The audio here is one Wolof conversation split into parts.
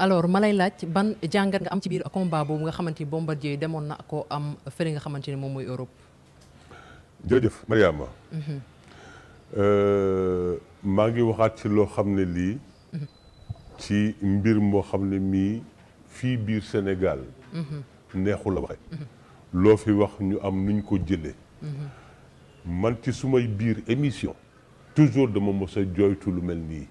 alors malay lay laaj ban jàngat nga am ci biir combat boobu nga xamante ni Bombardier demoon na koo am fële nga xamante ni moom mooy Europe. jërëjëf Mariama. Mhm. Euh, maa ngi waxaat ci loo xam ne lii. Mhm. ci mbir moo xam ne mii fii biir Sénégal. Mhm. neexul la waxe loo fi wax ñu am nuñ ko jële man ci sumay biir émission. toujours dama mos a jooytu lu mel nii.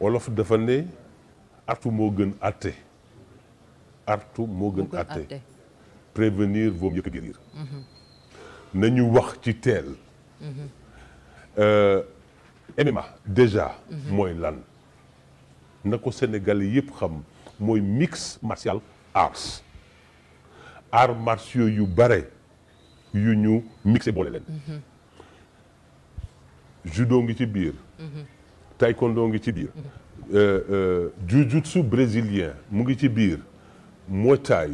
wolof dafa ne. artu moo gën atte artu moo gën atte prévenir vaut mieux que mm-hmm. nañu wax ci teel MMA mm-hmm. euh, déjà mm-hmm. mooy lan na ko sénégalais yëpp xam mooy mix martial arts arts martiaux yu bare yu ñu mixé boole leen judo ngi ci biir taekwondo ngi ci biir Euh, euh, jujutsu brésilien mu ngi ci biir muay thai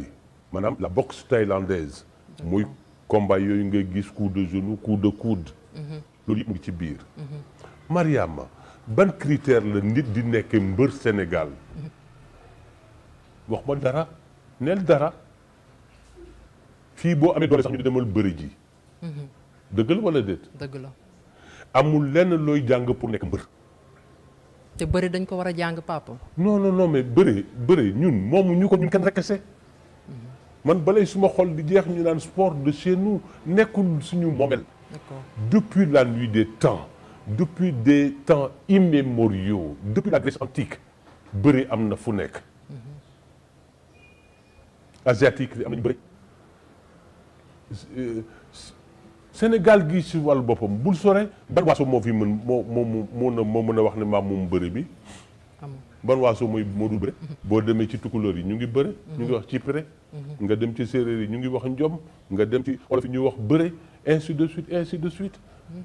maanaam la su thaïlandaise muy combat yooyu ngay gis coup de genou coup de coude mhm. loolu yëpp mu ngi ci biir mhm. Mariama ban critère la nit di nekk mbër Sénégal mhm. wax ma dara neel dara fii boo amee doole sax ñu demal bëri dëgg la wala déet amul lenn looy jàng pour nekk mbër te bëri dañ ko war a jàng papa. non non non mais bëri ñun moom ñu ko ñun kenn rek kese man balay suma xol di jeex ñu naan sport de chez nous nekkul suñu moomel. depuis la nuit des temps depuis des temps immémoriaux depuis la Grèce antique bëri am na fu nekk. Mhm. asiatique am nañu bëri. Euh, Sénégal gi si wàllu boppam bul sore ban waaso moo fi mën moo moo moo na moo mën a wax ne maa moom bëri bi ban waaso mooy Modou Béré boo demee ci tukulóor yi ñu ngi bëre ñu ngi wax ci pré mhm. nga dem ci séeréer yi ñu ngi wax njom nga dem ci olof yi ñuy wax bëre ainsi de suite ainsi de suite mhm.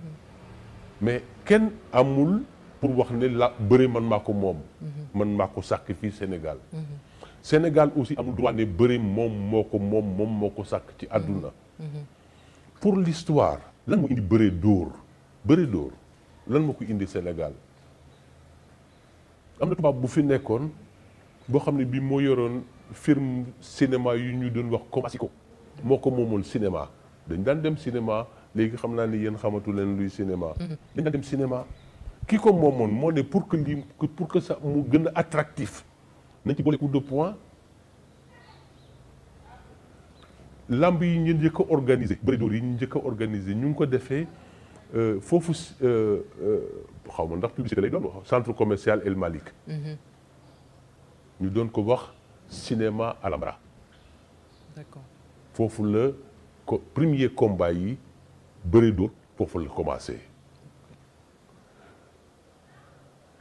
mais kenn amul pour wax ne la bëre man maa ko moom mhm. man maa ko sàkk fii Sénégal Sénégal aussi amul droit ne bëre moom moo ko moom moom moo ko sàkk ci àdduna pour l'histoire lan moo indi bëree dóor bëree dóor lan moo ko indi Sénégal am na tubaab bu fi nekkoon boo xam ne bii moo yoroon film cinéma yu ñuy doon wax Comasiko moo ko moomoon cinéma dañ daan dem cinéma léegi xam naa ni yéen xamatu leen luy cinéma mm-hmm. dañ daan dem cinéma ki ko moomoon moo ne pour que lii pour que ça mu gën a attractif nañ ci boole coup de poing lamb yi ñu njëkk a organisé bëri yi ñu njëkk a ñu ngi ko defee euh, foofu euh, euh, xaw ma ndax publicité lay doon wax centre commercial El Malick mhm. ñu doon ko wax cinéma Alhambra d'accord foofu la ko premier combat yi bëri dóor foofu la commencé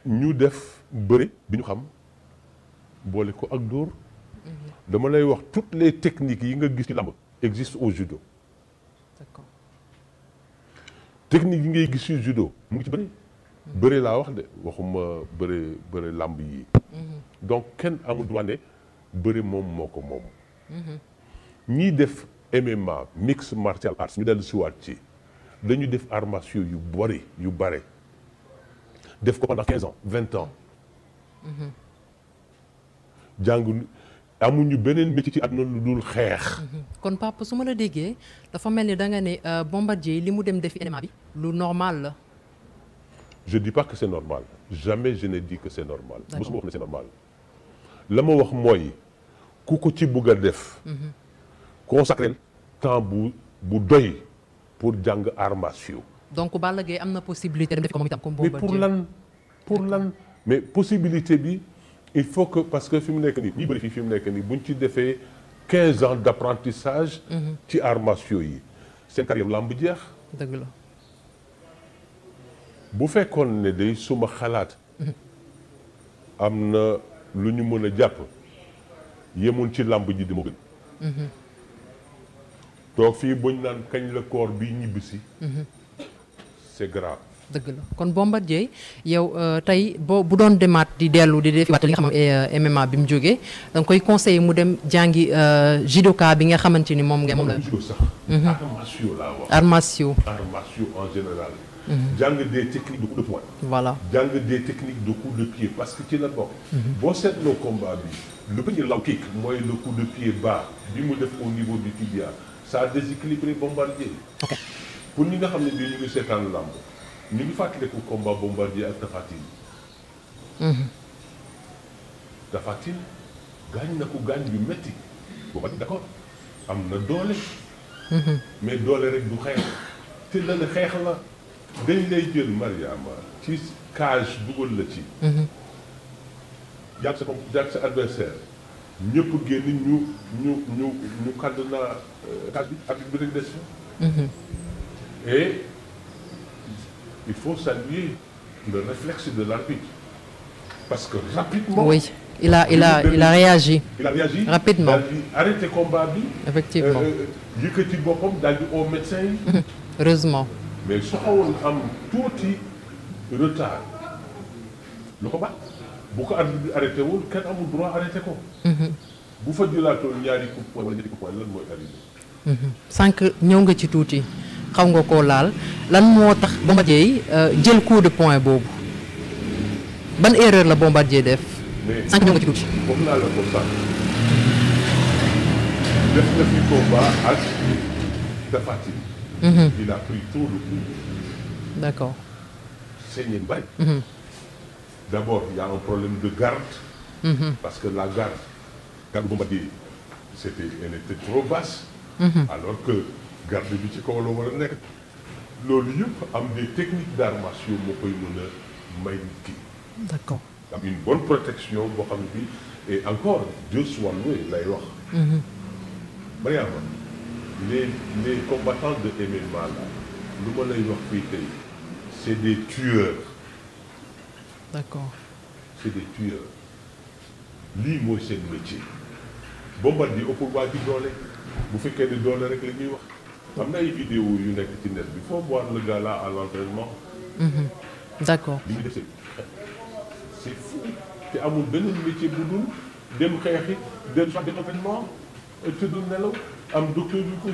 ñu def bëri bi ñu xam boole ko ak dóor dama lay wax toutes les techniques yi nga gis ci lamb existent au judo. d'accord yi ngay gis ci judo mu ngi ci bëri. Mm-hmm. bëri laa wax de waxuma bëri bëri lamb yi. Mm-hmm. donc kenn amul droit ne bëri moom moo ko moom. Mm-hmm. ñiy def MMA mix martial arts ñu dellu si ci dañu def arts yu bëri yu bare def ko pendant quinze ans vingt ans. jàng. amuñu beneen métier ci àdduna lu dul xeex. Mhm. kon papa su ma la déggee dafa mel ni da nga ne euh, bombardier li mu dem defi élément bi lu normal la. je dis pas que c'est normal jamais je n'ai dit que c'est normal. la ma wax mooy ku ko ci bugg a def. Mhm. consacré temps bu bu doy pour jàng arts martiaux. donc Balla Gaye am na possibilité dem def ko moom itam comme bombardier mais pour lan pour lan mais possibilité bi. il faut que parce que fi mu nekk nii bii bëri fi mu nekk nii buñ ci defee quinze ans d' mhm. ci arts yi seen carrière làmb jeex dëgg la bu fekkoon ne day suma xalaat mhm. am na lu ñu mën a jàpp yemun ci làmb ji di ma gën mhm. toog fii buñ naan kañ la koor bi ñibbisi c'est grave dëgg la kon Bombardier yow euh, tey boo bu doon demaat di dellu di def li nga xam euh, bi mu jógee da nga koy conseiller mu dem jàngi euh, judoka bi nga xamante ni moom nga. moom la mhm. arts martiaux en général. Mhm. parce que ci la bokk. Mhm. boo lu a déséquilibré xam ne bii ñu ngi seetaan làmb. ñu ngi fàttaliku combat bombardier ak Tapha Tine. Mhm. Tapha Tine gaañ na ko gaañ bi metti bombardier d'accord am na doole. Mhm. mais doole rek du xeex te la ne xeex la dañ lay jël Mariama ci cage dugal la ci. Mhm. jàpp sa ko jàpp sa adversaire ñëpp génn ñu ñu ñu ñu kàddu na euh, cage bi ak bi des fa. il faut saluer le réflexe de l'arbitre. Parce que rapidement. Oui, il a, il a, il a réagi. Il a réagi. Rapidement. arrêtez combat bi. Effectivement. Euh, euh, yëkkati boppam daal di au médecin yi. Mhm. heureusement. mais su xawoon am tuuti retard lu ko baax bu ko arbitre bi arrêté wul kenn amul droit arrêté ko. Mhm. bu fa jëlaatoon ñaari coupe wala ñetti coupe lan mooy arrivé. Mhm. sànq ñëw nga ci tuuti. xaw nga koo laal lan moo tax Bombardier euh, jël coup de point boobu ban erreur la Bombardier def. sànq ñoo nga ci tuuti. ko sànq def na fi combat ak mhm. mhm. d'abord il un problème de garde. Mhm. parce que la garde garde Bombardier c'était elle était trop basse. garde bi ci kaw la war nekk loolu yëpp am des techniques d'arts martiaux moo koy mën a may nit ki. d'accord am une bonne protection boo xam ne bi encore Dieu soit loué lay wax. Mm-hmm. Mariama les les combattants de MMA là lu ma lay wax fii tey c'est des tueurs. d'accord c'est des tueurs lii mooy seen métier. Bombardier ëppul waa ji doole bu fekkee ne doole rek la ñuy wax. am na ay yu nekk ci net bi faut voir le gars là mhm. d'accord te amul beneen métier bu dul dem xeexi dem sax événement tëddul nelaw am docteur yu ko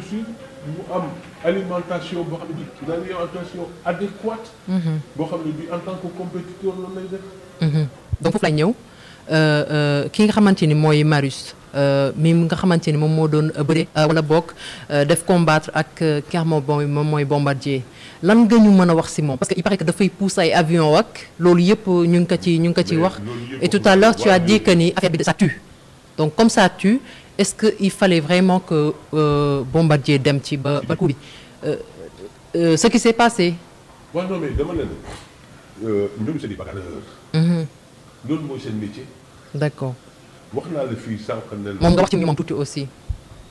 mu am alimentation boo xam ne bi alimentation adéquate. Mhm. boo xam ne bi en tant que compétiteur loolu lay def. Mhm. donc foofu laay ñëw euh, euh, ki nga xamante ni mooy Marius. Euh, mi nga xamante ni moom moo doon euh, bëri euh, wala bokk def combattre ak ki nga xam moom mooy bombardier lan nga ñu mën a wax si moom parce que il paraît que dafay pousse ay avion ak loolu yëpp ñu ngi ko ci ñu ngi ko ciy wax et tout à l'heure tu as dit que ni affaire donc comme ça tue est-ce que il fallait vraiment que bombardier dem ci ba ba coup bi ce qui s'est passé waaw wax naa la fii sànq ne la. moom nga wax ci moom tuuti aussi.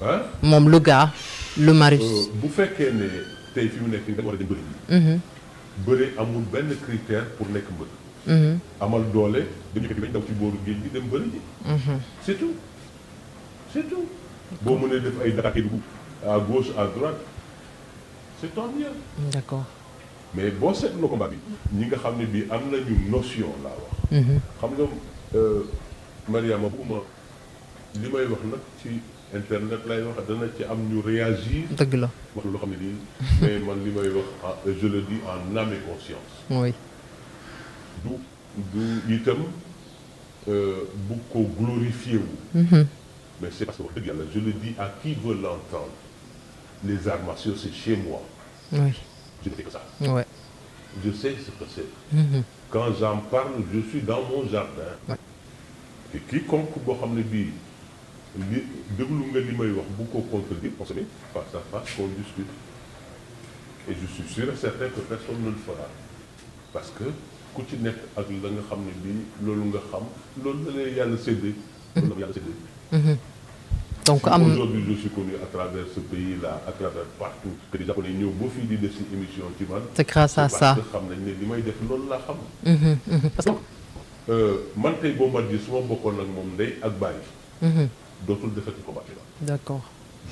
ah moom le gars le Marius. Euh, bu fekkee ne tey fi mu nekk nii war a dem bëri. bëri amul benn critère pour nekk mbër. Mhm. amal doole dem yëkkati bañ daw ci booru géej gi dem bëri ji. Mhm. c'est tout c'est tout. boo def ay dara kii à gauche mais boo seetloo combat bi ñi nga xam ne bii am nañu notion laa wax. Mhm. Mariama bu ma li may wax nag ci internet lay wax dana ci am ñu réagir. dëgg la man li may wax ah, je le dis en âme et conscience. du du itam euh, bu ko glorifier mm-hmm. mais c'est parce que wax dëgg yàlla je le dis à qui veut l'entendre les arts c'est chez moi. je sais ce que c'est. Mm-hmm. quand j'en parle je suis dans mon jardin. kii quiconque boo xam ne bii li déglu nga li may wax bu ko contredire parce que face à face qu'on discute et je suis parce que ku ci nekk ak la nga xam ne bii loolu nga xam loolu la lay yàlla séddee. Mm-hmm. donc am na je suis connu à travers ce pays là à travers partout que di japonais ñëw boo fii di def si émission ci man. c'est grâce à ça xam nañ ne may def loolu laa xam. Mm-hmm, mm-hmm. Euh, man tey Bombardier su ma bokkoon ak moom ndey ak bàyyi. Mhm. dootul defati combat bi. d'accord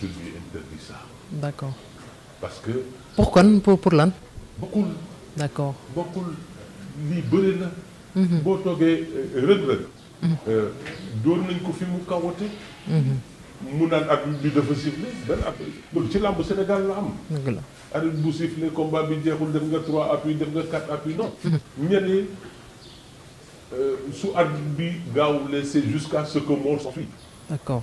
je parce que. pour kon pour pour lan. bokkul. d'accord bokkul lii bëri na. Mhm. boo toogee euh, Reug Reug. Mhm. Euh, dóor nañ ko fi mu kawote. mu naan ak bi dafa sifflé benn ak ci làmb Sénégal la am. dëgg bu sifflé combat bi jeexul def nga trois appui def nga quatre appui non. ñenn Euh, su at bi gaawulee c'est jusqu'à ce que mort s'ensuive. d'accord.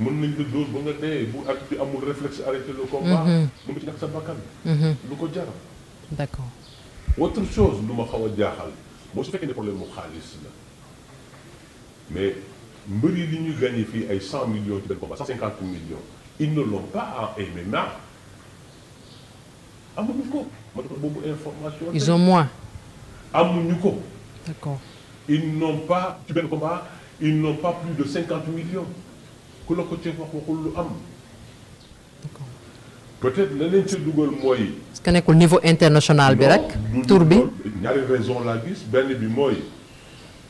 mën nañ la ba nga dee bu at bi amul réflexe arrêter le combat. mu mhm. ngi mhm. lu ko jaral. d'accord. autre chose lu ma xaw a jaaxal mooy su fekkee ne problème mu xaalis la mais mbër yi li ñu gagné fii ay cent millions ci benn combat a cinquante millions ils ne l'ont pas en MMA amuñu ko ma ko boobu information. ils ont moins. amuñu ko. D'accord. Ils n'ont pas ci benn combat ils n'ont pas plus de cinquante ku la ko ci wax waxul lu am. peut-être la leen ci dugal mooy. est-ce nekkul niveau international bi rek. tour bi ñaari raison laa gis benn bi mooy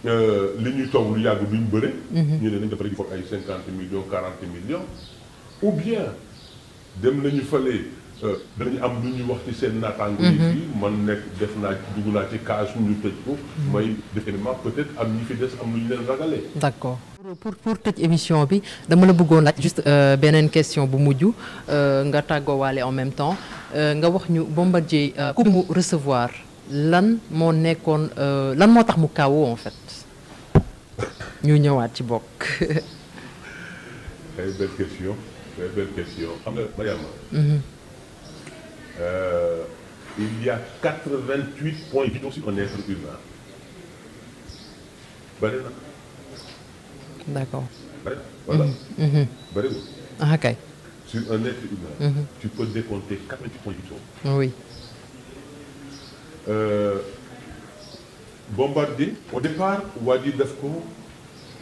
euh, li ñuy toog lu yàgg duñ bëre. Mhm. ñu ne dañ dafa rek foog ay cinquante millions quarante millions. ou bien dem nañu fële. Euh, danañu am lu ñuy wax ci seen naataango yi fii mhm. man nekk def naa dugg naa ci cas ñu tëj ko mooy mhm. définitivement peut am ñi fi des am lu ñu leen ragalee d'accord pour pour tëj émission bi dama la bëggoon laaj juste euh, beneen question bu mujj euh, nga tàggoowaale en même temps nga wax ñu Bombardier ku mu recevoir lan moo nekkoon lan moo tax mu kaawoo en fait ñu ñëwaat ci bokk très question très question xam nga Mariama mhm. euh, il y a 88 points vitaux mm-hmm. mm-hmm. ah, sur un être humain bëri na. d' accord. bëri na voilà. sur un être humain. Mm -hmm. tu peux décompter 88 points vitaux. oui. Euh, Bombardier au départ waa daf ko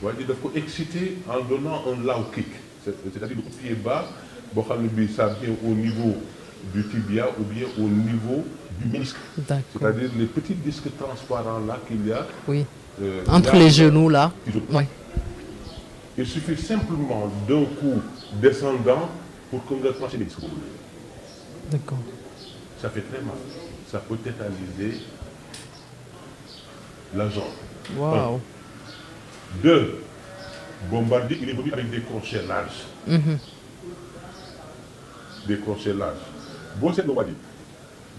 waa ji daf ko excité en donnant un low kick c'est-à-dire le coup de pied bas boo xam ne bii ça vient au niveau. du tibia ou bien au niveau du ministre. C'est-à-dire les petits disques transparents là qu'il y a. Oui. Euh, Entre là, les genoux là. Oui. Il suffit simplement d'un coup descendant pour que vous tranché mal. Ça peut tétaniser la jambe. Wow. Un. Deux, Bombardier, il est venu avec des crochets larges. Mm-hmm. boo seetloo at yi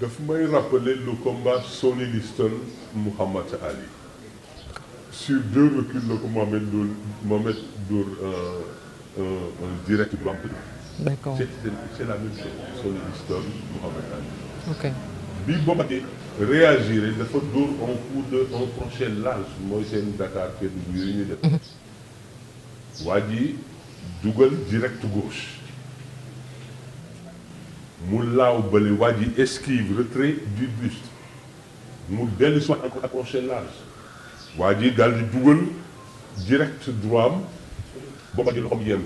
daf may rappeler le combat Sonny Liston Mouhammad Ali sur deux reculs la ko Mohamed Ndour euh, euh, direct bu c'est la même chose Sonny Liston Mouhammad Ali. bi Bombardier réagir dafa dóor un coup de un crochet large mooy seen Dakar Kédougou yooyu ñuy def. Mhm. waa ji dugal direct gauche. mu laaw bële waa ji esquive retrait du buste mu dellu si waat encore accroché waa ji daal di dugal direct droit am booba ji loxoom yenn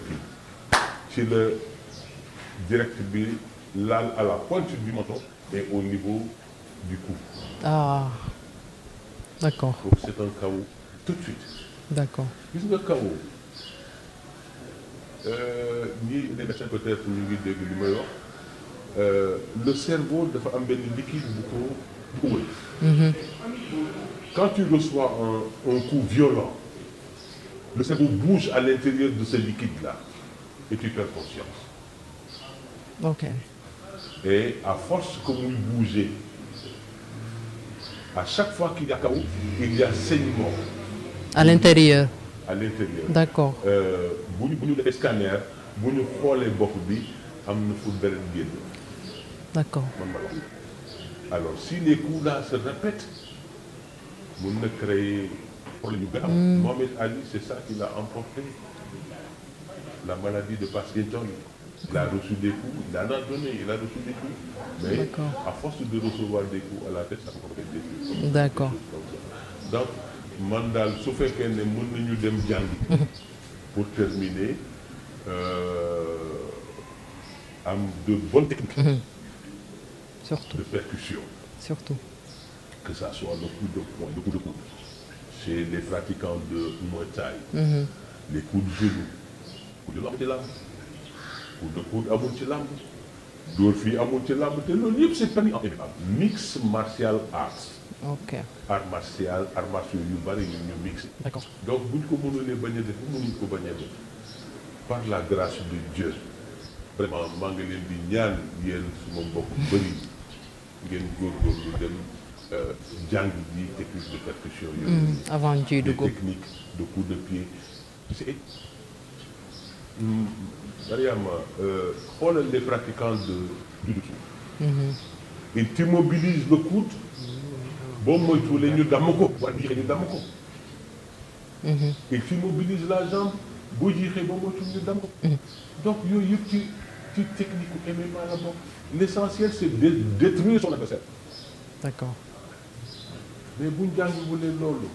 ci la direct bi laal à la pointe du menton et au niveau du cou. ah d'accord. donc c'est un tout de suite. d'accord gis nga KO euh, ñii les médecins peut-être ngi dégg li Euh, le cerveau dafa am benn liquide bu ko bu ko wër. quand tu reçois un un coup violent le cerveau bouge à l'intérieur de ce liquide là et tu perds conscience. ok. et à force que muy bouger à chaque fois qu'il y a chaos il y a saignement. à l'intérieur. à l'intérieur d'accord. Euh, bu ñu bu ñu defee scanner bu ñu xoolee bopp bi am na fu beneen génn. D'accord. Alors, si les coups-là se répètent, on ne créer problème. Mm. Mohamed Ali, c'est ça qu'il a emporté. La maladie de Parkinson, il a reçu des coups, il a donné, il a reçu des coups. Mais à force de recevoir des coups à la tête, ça provoque D'accord. Donc, Mandal, sauf qu'elle ne mën pour terminer, euh, de bonnes techniques. Hmm. Surtout. de percussion. Surtout. Que ça soit le coup de poing, le coup de coude. Chez les pratiquants de Muay Thai, mm -hmm. les coups de genou, coup de loxo ci làmb. coup de coude amul ci làmb. dóor fii amul ci làmb te loolu yëpp c'est permis en MMA. mix martial arts. ok art martial art martial yu bari ñu ñu mixé. d'accord donc buñ ko mënulee bañ a def mënuñ ko bañ a def par la grâce de Dieu. vraiment maa ngi leen di ñaan yéen suma mbokk bëri. ngeen góorgóorlu dem euh, jàng ji technique de percussion yooyu mm, avant ñu ciy dugg technique de coup de pied mm, Mariama euh, xoolal les pratiquants de judo mm-hmm. ils t'immobilisent le ñu damm ko war jiixee mm-hmm. la jambe boo jiixee boo moytuwul ñu damm ko mm-hmm. donc yooyu yëpp ci technique u MMA la bokk l'essentiel c'est de détruire son adversaire. D'accord. mais buñ jàngiwulee loolu